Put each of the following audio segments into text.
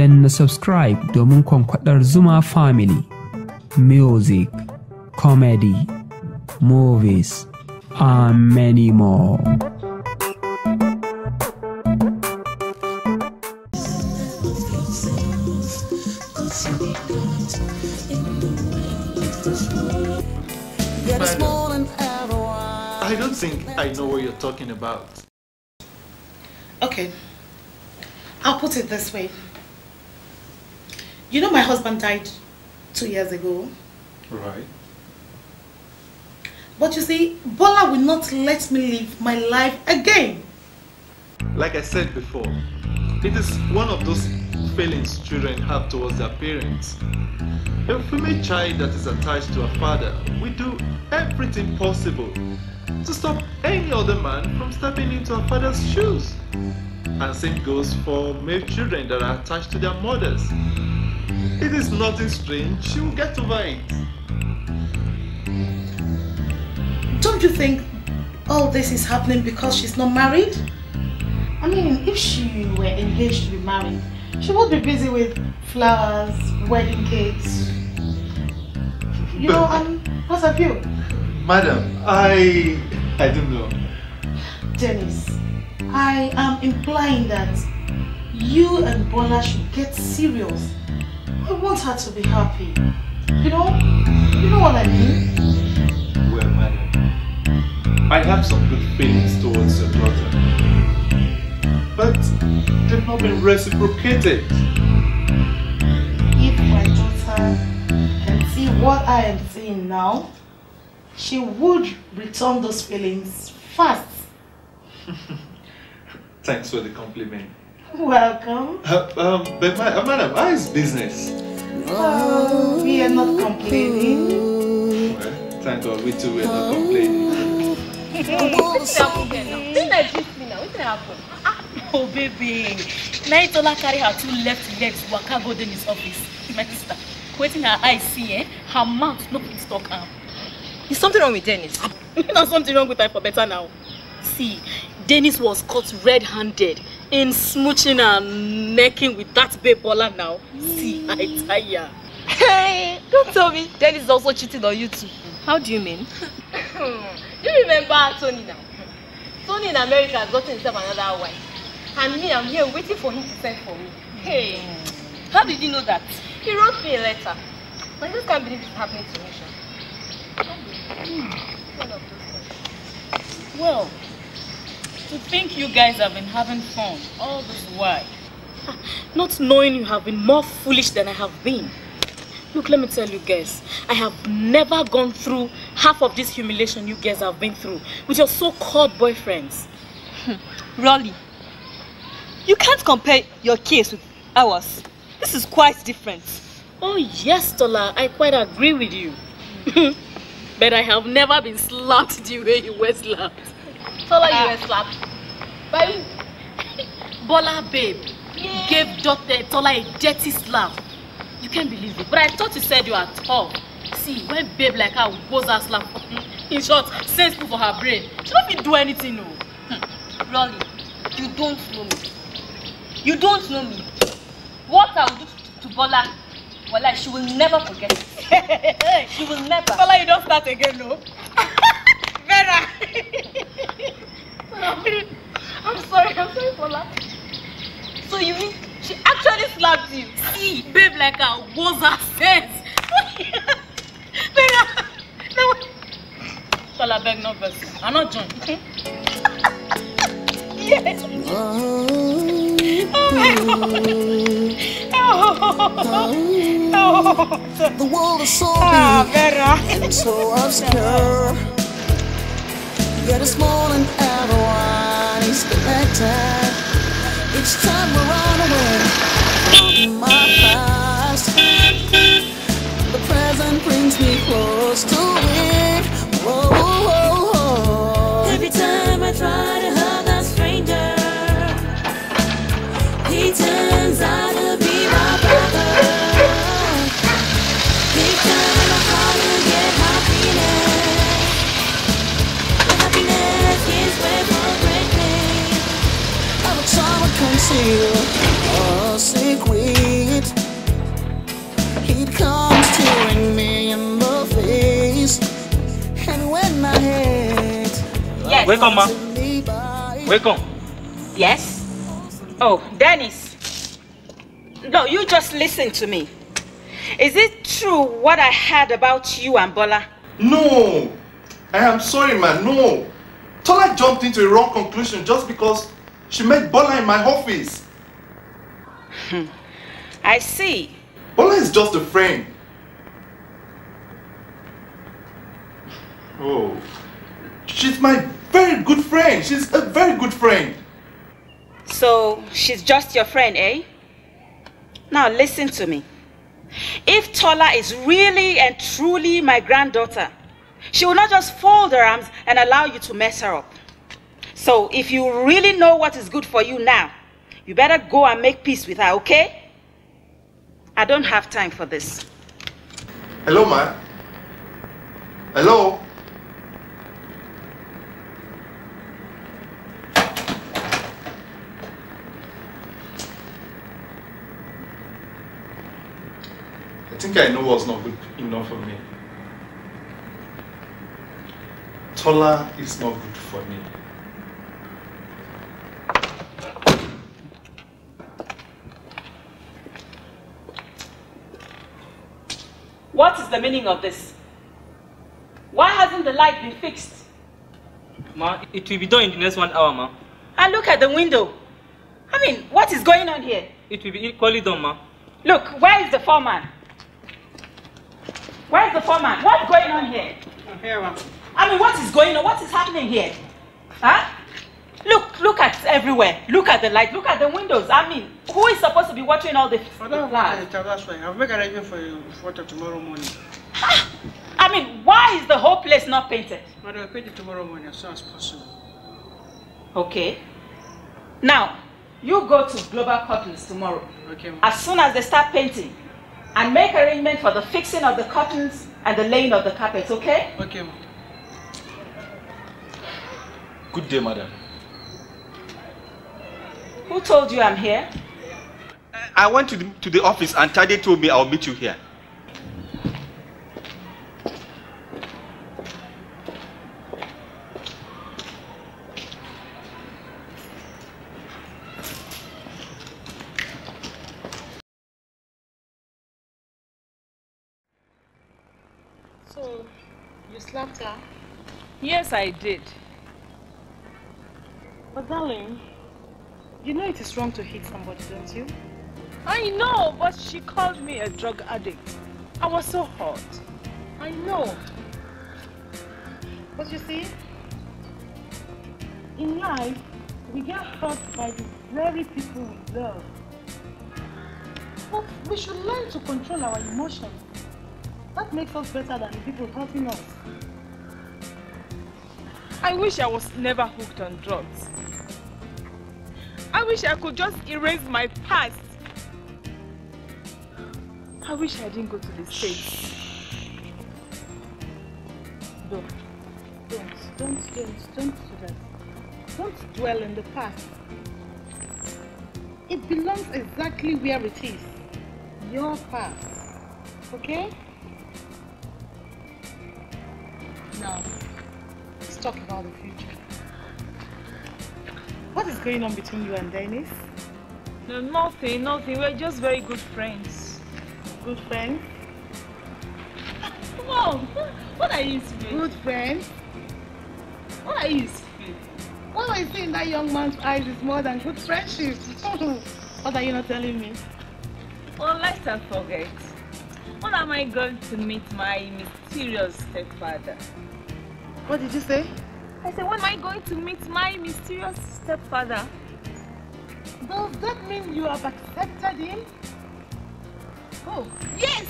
Then subscribe domin kwankwadar Zuma Family. Music, comedy, movies, and many more. I don't think I know what you're talking about. Okay. I'll put it this way. You know, my husband died two years ago. Right. But you see, Bola will not let me live my life again. Like I said before, it is one of those feelings children have towards their parents. A female child that is attached to a father will do everything possible to stop any other man from stepping into a father's shoes. And same goes for male children that are attached to their mothers. It is nothing strange, she will get over it. Don't you think all this is happening because she's not married? I mean, if she were engaged to be married, she would be busy with flowers, wedding cakes. You know, and what's up you? Madam, I... I don't know. Dennis, I am implying that you and Bola should get serious. I want her to be happy. You know? You know what I mean? Well, madam, I have some good feelings towards your daughter. But they've not been reciprocated. If my daughter can see what I am seeing now, she would return those feelings fast. Thanks for the compliment. Welcome. Uh, um, but my, uh, madam, how is business? Oh, we are not complaining. Well, thank God, we too are not oh. complaining. Ah, oh baby, Naitola carry her two left legs waka go in his office. My sister, waiting her eyes see, eh? her mouth no fit talk am. Ah. Is something wrong with Dennis? There's something wrong with her for better now. See, Dennis was caught red-handed in smooching and necking with that babe Bola now. See, I tell ya. Hey, don't tell me. Dennis is also cheating on you too. How do you mean? you remember Tony now? Tony in America has gotten himself another wife. And me, I'm here waiting for him to send for me. Hey, how did you know that? He wrote me a letter. I just can't believe it's happening to me, Sean. Well, To think you guys have been having fun all this while. Not knowing you have been more foolish than I have been. Look, let me tell you guys, I have never gone through half of this humiliation you guys have been through with your so-called boyfriends. Hmm. Rolly, you can't compare your case with ours. This is quite different. Oh yes, Tola, I quite agree with you. but I have never been slapped the way you were slapped. Tell you ah. were slapped. By Bola babe Yay. gave Dr. Tola a dirty slap. You can't believe it. But I thought you said you are tough. See, when babe like her goes her slap, hmm, in short, sensible for her brain, she don't fit do anything, no. Hmm. Rolly, you don't know me. You don't know me. What I will do to, to Bola, Bola, she will never forget. she will never. Bola, you don't start again, no? I'm sorry, I'm sorry for laughing. So you mean she actually slapped you? See, babe, like a was her sense. Shall I beg no verse? I'm not John. yes. Oh my God. Oh. Oh. The world is so ah, big, ah, and so obscure. this morning everyone is connected. Each time we're out. Welcome, ma. Welcome. Yes? Oh, Dennis. No, you just listen to me. Is it true what I heard about you and Bola? No. I am sorry, ma. No. Tola jumped into a wrong conclusion just because she met Bola in my office. Hmm. I see. Bola is just a friend. Oh. She's my very good friend. She's a very good friend. So she's just your friend, eh? Now listen to me. If Tola is really and truly my granddaughter, she will not just fold her arms and allow you to mess her up. So if you really know what is good for you now, you better go and make peace with her, okay? I don't have time for this. Hello, ma. Hello? I think I know what's not good enough for me. Taller is not good for me. What is the meaning of this? Why hasn't the light been fixed? Ma, it will be done in the next one hour, ma. And look at the window. I mean, what is going on here? It will be equally done, ma. Look, where is the foreman? Where's the foreman? What's going on here? I mean, what is going on? What is happening here? Huh? Look, look at everywhere. Look at the light. Look at the windows. I mean, who is supposed to be watching all this? I don't have That's why. I'll make arrangement for you for tomorrow morning. Ah, I mean, why is the whole place not painted? Madam, I'll paint it tomorrow morning as soon as possible. Okay. Now, you go to Global Cottons tomorrow. Okay. As soon as they start painting, and make arrangement for the fixing of the curtains and the laying of the carpets, okay? Okay. Good day, madam. Who told you I'm here? I went to the, to the office and Tade told me I'll meet you here. So, you slapped her? Yes, I did. But darling, you know it is wrong to hit somebody, don't you? I know, but she called me a drug addict. I was so hurt. I know. But you see, in life, we get hurt by the very people we love. But we should learn to control our emotions. That makes us better than the people helping us. I wish I was never hooked on drugs. I wish I could just erase my past. I wish I didn't go to the States. Don't. Don't, don't, don't, don't do that. Don't dwell in the past. It belongs exactly where it is. Your past. Okay? now. Let's talk about the future. What is going on between you and Dennis? No, nothing, nothing. We're just very good friends. Good friends? on, what are you saying? Good friends? What are you saying? What I see in that young man's eyes is more than good friendship. what are you not telling me? Well, let's not forget. When am I going to meet my mysterious stepfather? What did you say? I said, when am I going to meet my mysterious stepfather? Does that mean you have accepted him? Oh. Yes!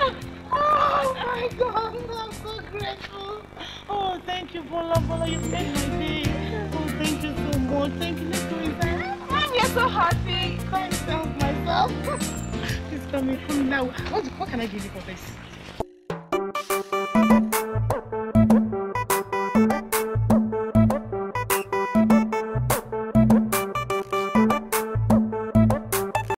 Oh my god, I'm so grateful. Oh, thank you, Bola Bola. You saved my day. Oh, thank you so much. Thank you, Mr. Mom, you're so happy. Can't help myself. me from now. What, what can I give you for this?